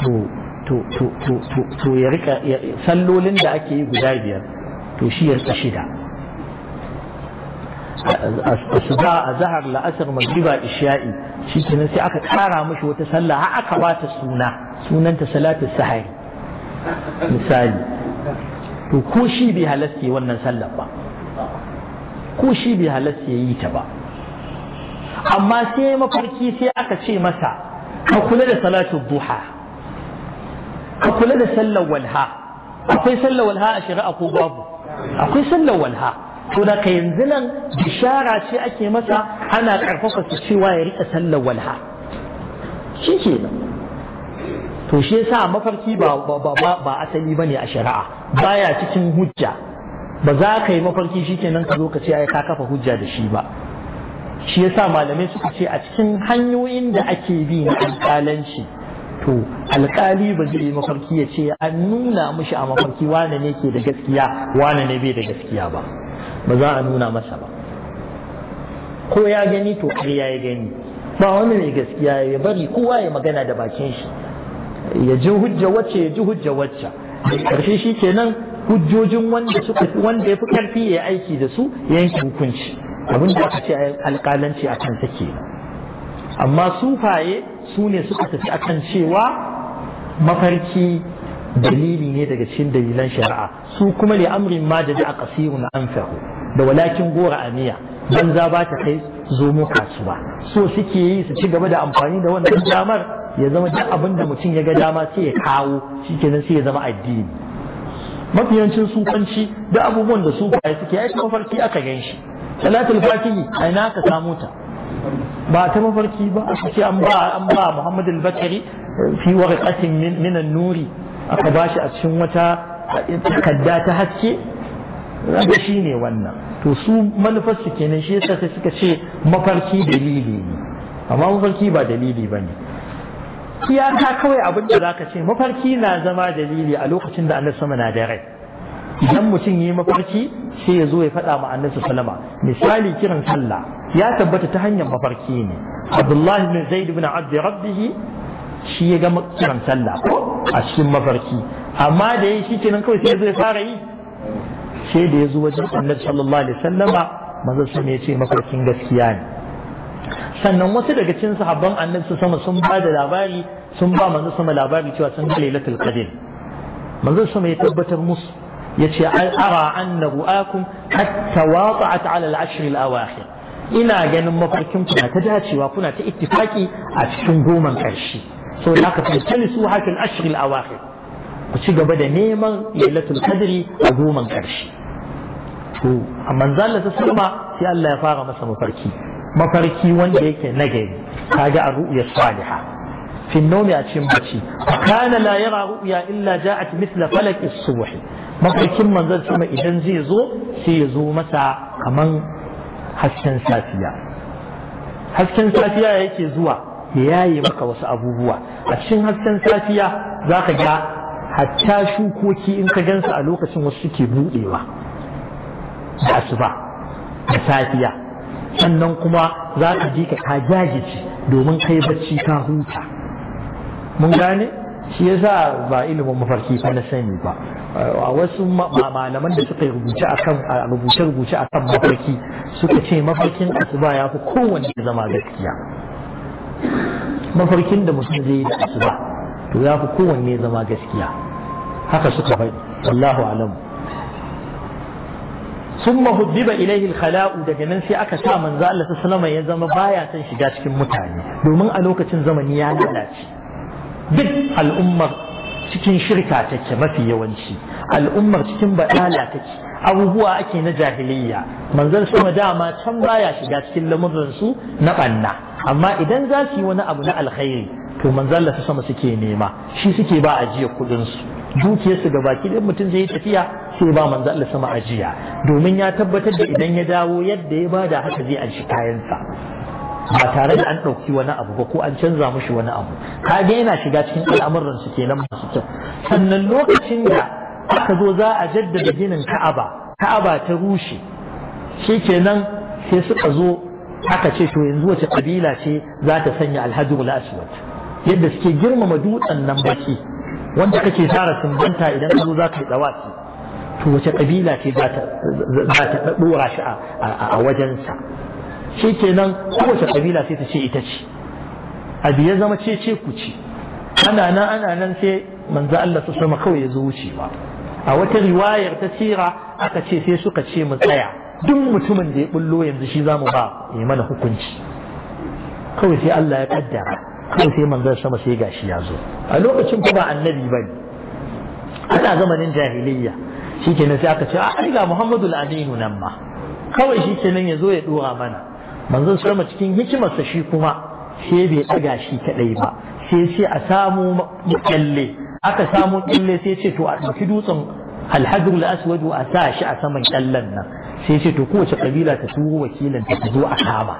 to to to to to ya rika sallolin da ake yi guda biyar to shi ya rika shida asuba a zahar la'asar magriba isha'i shi kenan sai aka kara mashi wata sallah har aka ba ta suna sunanta salatu sahari misali to ko shi bai halasta wannan sallah ba ko shi bai halasta ya yi ta ba amma sai mafarki sai aka ce masa ka kula da salatu duha ka kula da sallar walha akwai sallar walha a shari'a ko babu akwai sallar walha to da ka yanzu nan bishara ce ake masa ana karfafa su cewa ya rika sallar walha shi ke nan to shi yasa mafarki ba ba asali bane a shari'a baya cikin hujja ba za ka yi mafarki shi nan ka zo ka ce ai ka kafa hujja da shi ba shi yasa malamai suka ce a cikin hanyoyin da ake bi na alƙalanci to alƙali ba zai yi mafarki ya ce an nuna mishi a mafarki wane ne ke da gaskiya wane ne bai da gaskiya ba ba za a nuna masa ba ko ya gani to ƙarya ya yi gani ba wani mai gaskiya ya bari kowa ya magana da bakin shi ya ji hujja wacce ya ji hujja wacce ƙarshe shi kenan hujjojin wanda suka wanda ya fi karfi ya aiki da su yanke hukunci abin da aka ce alƙalanci a kan take amma sufaye su ne suka tafi akan cewa mafarki dalili ne daga cikin dalilan shari'a su kuma li amrin ma da a kasirun anfahu da walakin gora a miya banza ba ta kai zomo kasuwa so suke yi su ci gaba da amfani da wannan damar ya zama duk abin da mutum ya ga dama sai ya kawo shikenan sai ya zama addini mafiyancin sufanci da abubuwan da sufaye suke aika mafarki aka gan shi salatul fatihi a ina ka samu ta ba ta mafarki ba aka ce an ba an ba Muhammad al-Bakari fi warqatin min an-nuri aka bashi a cikin wata takadda ta haske shi ne wannan to su manufarsu kenan shi yasa sai suka ce mafarki dalili ne amma mafarki ba dalili ba ne iyaka kawai abin da zaka ce mafarki na zama dalili a lokacin da annabi sama na da rai idan mutum yi mafarki sai ya zo ya faɗa ma annabi sallama misali kiran sallah ya tabbata ta hanyar mafarki ne abdullahi bin zaid bin abd rabbih shi ya ga kiran sallah a cikin mafarki amma da yi shi kenan kawai sai ya zo ya fara yi sai da ya zo wajen annabi sallallahu alaihi wasallama manzo sun ya ce mafarkin gaskiya ne sannan wasu daga cikin sahabban annabi sama sun ba da labari sun ba manzo sama labari cewa sun ga lailatul qadr manzo sama ya tabbatar musu yace ara anna ru'akum hatta wata'at ala al-ashr al-awakhir ina ganin mafarkin ku ta dacewa kuna ta ittifaki a cikin goman karshe so da aka fi su hakil ashr al-awakhir ku ci gaba da neman lailatul qadri a goman karshe to manzo Allah ta sai Allah ya fara masa mafarki mafarki wanda yake nagari kaga a ru'ya salihah fi nomi a cikin bacci kana la yara ru'ya illa ja'at mithla falak as-subh mafarkin manzon sama idan zai zo sai ya zo masa kaman hasken safiya hasken safiya yake zuwa ya yi maka wasu abubuwa a cikin hasken safiya za ka ga hatta shukoki in ka gansu a lokacin wasu suke budewa da asuba da safiya sannan kuma za ka ji ka jajice domin kai bacci ka huta mun gane shi ya sa ba ilimin mafarki fa na sani ba a wasu malaman da suka rubuce akan rubuce rubuce akan mafarki suka ce mafarkin asuba ya fi kowanne zama gaskiya mafarkin da mutum zai yi da asuba to ya fi kowanne zama gaskiya haka suka faɗi wallahu alam summa huddiba ilaihi daga nan sai aka sa manzo Allah ya zama baya son shiga cikin mutane domin a lokacin zamani ya lalace duk al'ummar cikin shirka take mafi yawanci al'ummar cikin badala take abubuwa ake na jahiliyya manzon sama dama can baya shiga cikin lamurin su na banna amma idan za su yi wani abu na alkhairi to manzon Allah sama suke nema shi suke ba ajiyar kudin su dukiyarsu ga baki ɗin mutum zai tafiya sai ba manzo Allah sama ajiya domin ya tabbatar da idan ya dawo yadda ya bada haka zai an shi kayansa ba tare da an ɗauki wani abu ba ko an canza mushi wani abu kaga yana shiga cikin al'amuran su kenan masu kyau sannan lokacin da aka zo za a jaddada ginin Ka'aba Ka'aba ta rushe shikenan sai suka zo aka ce to yanzu wace kabila ce za ta sanya alhajjul aswad yadda suke girmama dutsen nan baki wanda kake tara sumbanta idan ka zo za ka yi dawaki to wace kabila ce za ta dora shi a wajensa shi kenan kowace kabila sai ta ce ita ce abu ya zama ce ce ku ce ana nan ana nan sai manzo Allah su sama kawai ya zo wucewa a wata riwayar ta aka ce sai suka ce mu tsaya duk mutumin da ya bullo yanzu shi zamu ba ya mana hukunci kawai sai Allah ya kaddara kai sai manzon sama sai gashi ya zo a lokacin kuma annabi bane ana zamanin jahiliyya shikenan sai aka ce a ah, ai ga Muhammadu aminu nan ma kawai shikenan ya zo ya ɗora mana manzon sama cikin hikimarsa shi kuma sai bai ɗaga shi kadai ba sai sai a samu kyalle aka samu kyalle sai ce to a ɗauki dutsen alhajrul aswad a sa shi a saman kyallen nan sai ce to kowace kabila ta turo wakilin ta zo a kama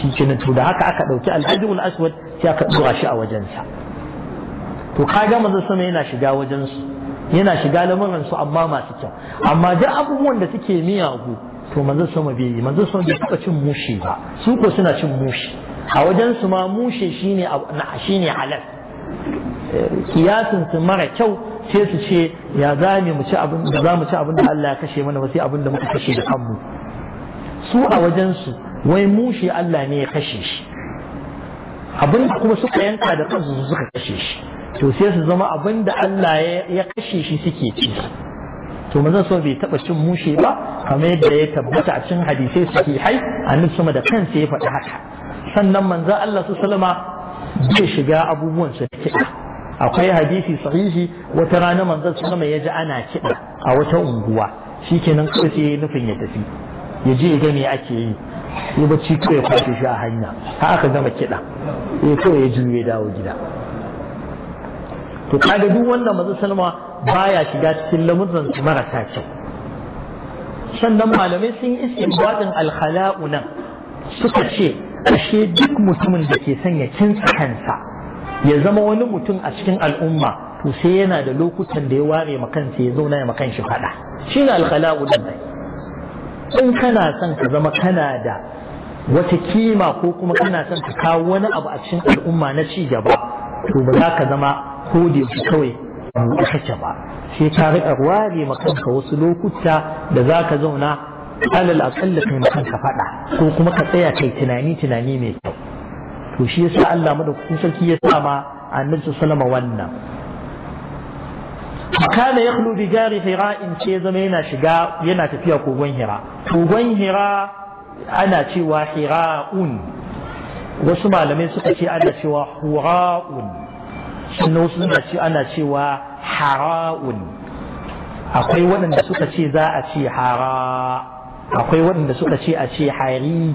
shi kenan to da haka aka ɗauki alhajjul aswad sai aka ɗora shi a wajensa to kaga manzo sama yana shiga wajensu yana shiga lamuran su amma masu kyau amma duk abubuwan da suke miyagu to manzo sama bai yi manzo sama bai taɓa cin mushi ba su ko suna cin mushi a wajensu ma mushe shine shine halal kiyasin su mara kyau sai su ce ya za mu ci abin da za mu ci abin da Allah ya kashe mana ba sai abin da muka kashe da kanmu su a wajensu wai mushe Allah ne ya kashe shi abin da kuma suka yanka da kansu su suka kashe shi to sai su zama abin da Allah ya kashe shi suke ci to manzon so bai taba cin mushe ba kamar yadda ya tabbata a cikin hadisai suke hai annabi sama da kansa ya faɗi haka sannan manzon Allah su salama bai shiga abubuwan su kiɗa akwai hadisi sahihi wata rana manzon sallama ya ji ana kiɗa a wata unguwa shikenan kawai sai nufin ya tafi ya je ya ga me ake yi ya bacci kawai ya kwace shi a hanya ha aka zama kiɗa ya eh, kawai ya juyo ya dawo gida to kaga duk wanda manzo salma baya shiga cikin lamuzan marasa kyau sannan malamai sun yi istinbadin alkhala'u nan suka ce ashe duk mutumin da ke sanya kinsa kansa ya zama wani mutum a cikin al'umma to sai yana da lokutan da ya ware makansa ya zauna ya makan shi fada shi ne alkhala'u nan in kana son ka zama kana da wata kima ko kuma kana son ka kawo wani abu a cikin al'umma na ci gaba to ba za ka zama kodi kawai a kake ba sai ka riƙa ware ma kanka wasu lokuta da za ka zauna alal aƙalla kai makanka faɗa ko kuma ka tsaya kai tunani tunani mai kyau to shi yasa Allah madaukakin sarki ya sa ma annabi sallama wannan فكان يخلو بجار هراء ce zama yana shiga yana tafiya kogon hira kogon hira ana cewa hira'un wasu malamai suka ce ana cewa hura'un sannan wasu suna ce ana cewa hara'un akwai waɗanda suka ce za a ce hara akwai waɗanda suka ce a ce hari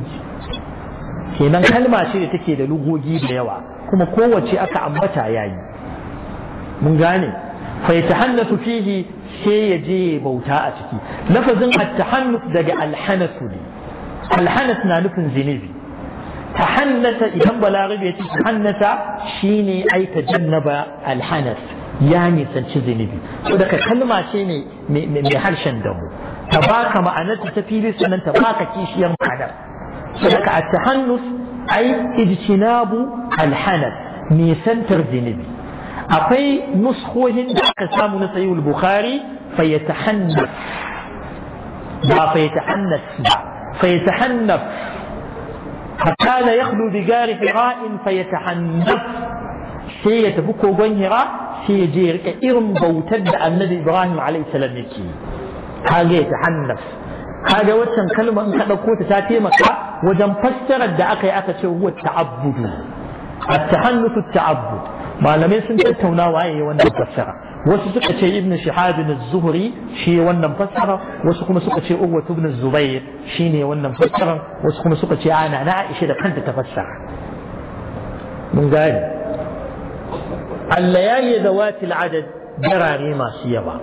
kenan kalma ce da take da lugogi da yawa kuma kowace aka ambata yayi mun gane Fai ta fihi fili sai ya je bauta a ciki, lafazin fa zan adka hannu daga alhanasu bi, alhanas na nufin zinibi, ta idan Balarabe ta hannata shine aita janna ba alhanas, ya nisanci zinibi, ko daga kalma ce ne mai harshen dabo mu, ta baka ma'anarta ta fili su ta baka kishiyar hadar, so daga atta hannus ai iddicina mu alhanas, mi san tar zinibi. أقي نسخوهن قسام نسعي البخاري فيتحنف لا فيتحنف فيتحنف فكان يخلو بجار هراء فيتحنف شيء يتبكو بين هراء شيء يجير كإرم بوتد النبي إبراهيم عليه السلام يكي هذا يتحنف هذا وشن كلمة أنك لو تاتي مكة وجم فسر الدعاء كي أتشوه التعبد التحنف التعبد malamai sun tattauna waye wannan fassara wasu suka ce ibn shihab ibn zuhri shi wannan fassara wasu kuma suka ce uwa ibn zubair shine wannan fassara wasu kuma suka ce ana na aisha da kanta ta fassara mun gane allayali zawatil adad darare masu yawa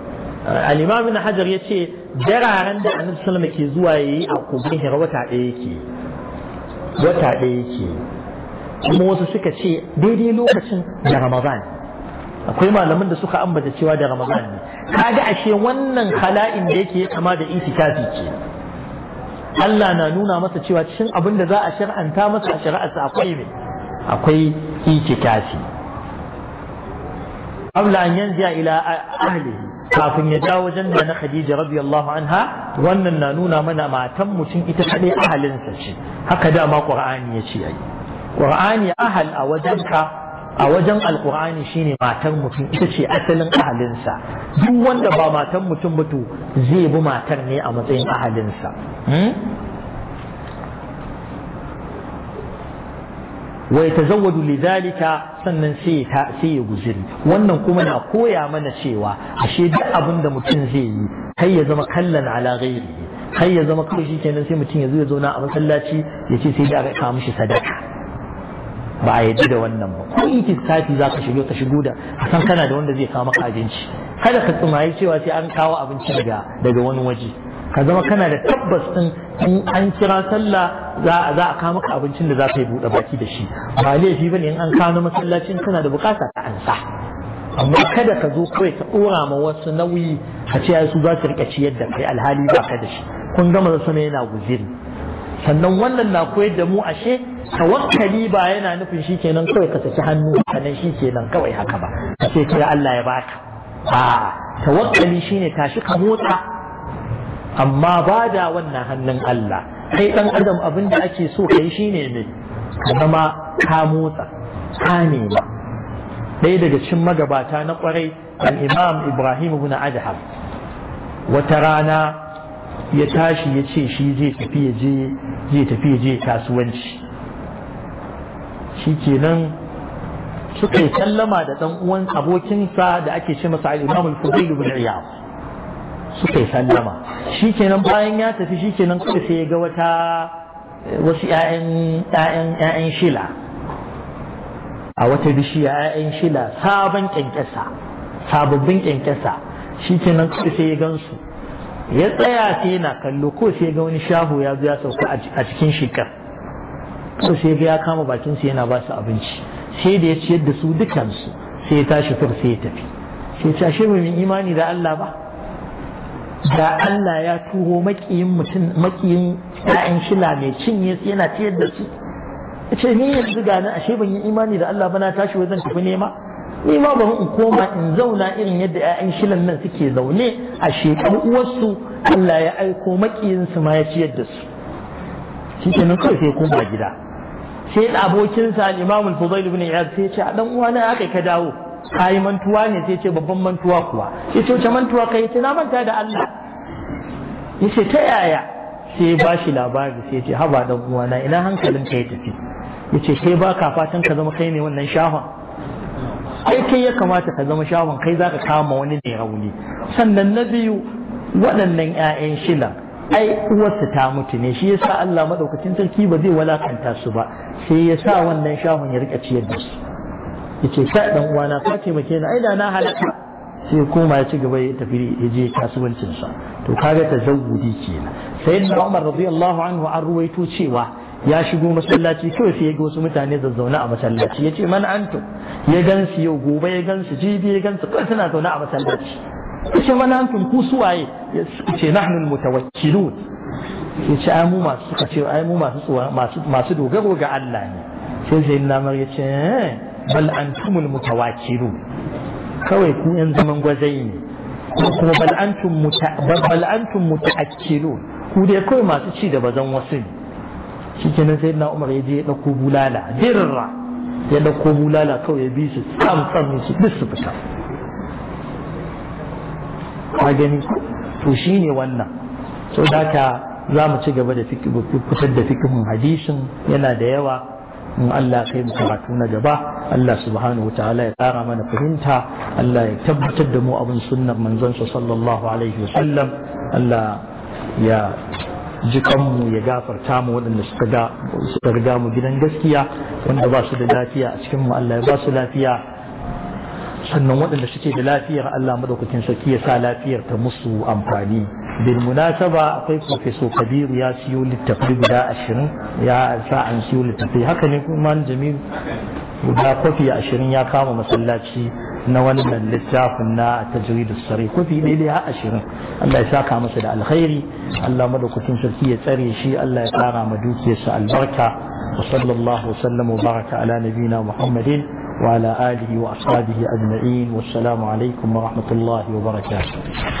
al-imam ibn hajar yace dararen da annabi sallallahu alaihi wasallam ke zuwa yayi a kubin wata ɗaya yake wata ɗaya yake kuma wasu suka ce daidai lokacin da ramadan akwai malaman da suka ambata cewa da ramadan ne kaga ashe wannan hala'in da yake kama da itikafi ce. Allah na nuna masa cewa cikin abin da za a shar'anta masa a shari'arsa akwai ne akwai itikafi qabla an yanzu ila ahlihi kafin ya dawo wajen da na Khadija radiyallahu anha wannan na nuna mana matan mutum ita kadai ahalinsa ce haka dama Qur'ani ya ce ai qur'ani ahal a wajenka a wajen alƙur'ani shine matar mutum ita ce asalin ahalinsa duk wanda ba matar mutum mutu zai bi matar ne a matsayin ahalinsa hmm? wai ta zawadu lidhalika sannan sai ya guziri wannan kuma na koya mana cewa ashe duk abin da mutum zai yi kai ya zama kallan ala ghairi kai ya zama kawai shi kenan sai mutum ya zo ya zauna a masallaci ya ce sai da aka kawo mishi sadaka ba a yadda da wannan ba ko itikafi za ka shigo ka shigo da a san kana da wanda zai kawo maka abinci kada ka tsumayi cewa sai an kawo abinci daga daga wani waje ka zama kana da tabbas din in an kira sallah za za a kawo maka abincin da za ka yi buɗe baki da shi ba laifi bane in an kawo masallacin kana da bukata ka ansa amma kada ka zo kawai ka ɗora ma wasu nauyi ka ce su za su riƙa ciyar da kai alhali ba ka da shi kun gama zama yana guziri sannan wannan na koyar da mu ashe tawakkali ba yana nufin shi kenan kawai ka saki hannu sannan shi kenan kawai haka ba ka ce kira Allah ya baka a tawakkali shine tashi ka motsa amma ba da wannan hannun Allah kai dan adam abin da ake so kai shine ne ka zama ka motsa ka nema daga cikin magabata na kwarai al-imam Ibrahim ibn Adham wata rana ya tashi ya ce shi zai tafi ya je zai tafi ya je kasuwanci shikenan suka yi sallama da dan uwan abokinsa da ake ce masa al-Imam al-Fudail ibn Iyad suka yi sallama shikenan bayan ya tafi shikenan kuma sai ya ga wata wasu ‘ya'yan shila a wata bishiya ‘ya'yan shila sabon ƙyanƙyasa sababbin ƙyanƙyasa shi kenan sai ya gansu ya tsaya sai yana kallo ko sai ga wani shahu ya zo ya sauka a cikin shekar ko sai ga ya kama bakin sa yana ba su abinci sai da ya ciyar da su dukansu sai ya tashi fur sai ya tafi sai ta shi mai imani da Allah ba da Allah ya tuho makiyin mutum makiyin ƴaƴan shila mai cinye yana ciyar da su ya ce ni yanzu ga ashe ban yi imani da Allah ba na tashi wajen tafi nema ni ma bari in koma in zauna irin yadda 'ya'yan shilan nan suke zaune a shekar uwarsu Allah ya aiko makiyinsu ma ya ciyar da su shi ke nan kawai sai koma gida sai da abokinsa al-imam al ibn iyad sai ce a dan uwa na aka ka dawo kai mantuwa ne sai ce babban mantuwa kuwa sai ce wace mantuwa kai ce na manta da Allah yace ta yaya sai ba shi labari sai ce haba dan na ina hankalin ka ya tafi yace kai ba ka fatan ka zama kai ne wannan shahon ai kai ya kamata ka zama shawon kai za ka kama wani da rauni sannan na biyu waɗannan 'ya'yan shilan. ai uwarsa ta mutu ne shi yasa Allah maɗaukacin sarki ba zai walakanta su ba sai ya sa wannan shahun ya rika ciyar da su ce ka dan uwana ka taimake ni ai da na halaka sai kuma ya ci gaba ya tafi ya je kasuwancinsa. to kaga tazawudi kenan sayyidina Umar radiyallahu anhu an ruwaito cewa ya shigo masallaci kawai sai ya ga wasu mutane zazzauna a masallaci ya ce man ya gansu yau gobe ya gansu jibi ya gansu kawai suna zaune a masallaci ya ce man ku suwaye ya ce nahnu mutawakkilun ya ce ai mu masu suka ce ai mu masu masu dogaro ga Allah ne sai sai namar ya ce eh, bal antumul mutawakkilun kawai ku yan zaman gwazai ne kuma bal antum mutabbal antum mutaakkilun ku dai kawai masu ci da bazan wasu ne shikenan sai na umar ya je ya ɗauko bulala dirra ya ɗauko bulala kawai ya bi su tsam tsam su duk su fita ka gani to shine wannan so da za mu ci gaba da fitar da fikimin hadisin yana da yawa in Allah kai mu karatu na gaba Allah subhanahu wataala ya tsara mana fahimta Allah ya tabbatar da mu abin sunnar manzon sa sallallahu alaihi wasallam Allah ya jikanmu ya gafarta mu waɗanda suka riga mu gidan gaskiya wanda ba su da lafiya a cikin mu Allah ya ba su lafiya sannan waɗanda suke da lafiyar Allah madaukakin sarki ya sa lafiyar ta musu amfani bil munasaba akwai professor Kabiru ya siyo littafi guda ashirin ya sa an siyo littafi haka ne kuma Jamiu guda kofi ashirin ya kama masallaci na wannan littafin na tajridus sari kofi daidai har ashirin Allah ya saka masa da alkhairi Allah madaukakin sarki ya tsare shi Allah ya tsara ma dukiyarsa albarka wa sallallahu wa sallam wa baraka ala nabina muhammadin wa ala alihi wa ashabihi ajma'in wassalamu alaikum wa rahmatullahi wa barakatuh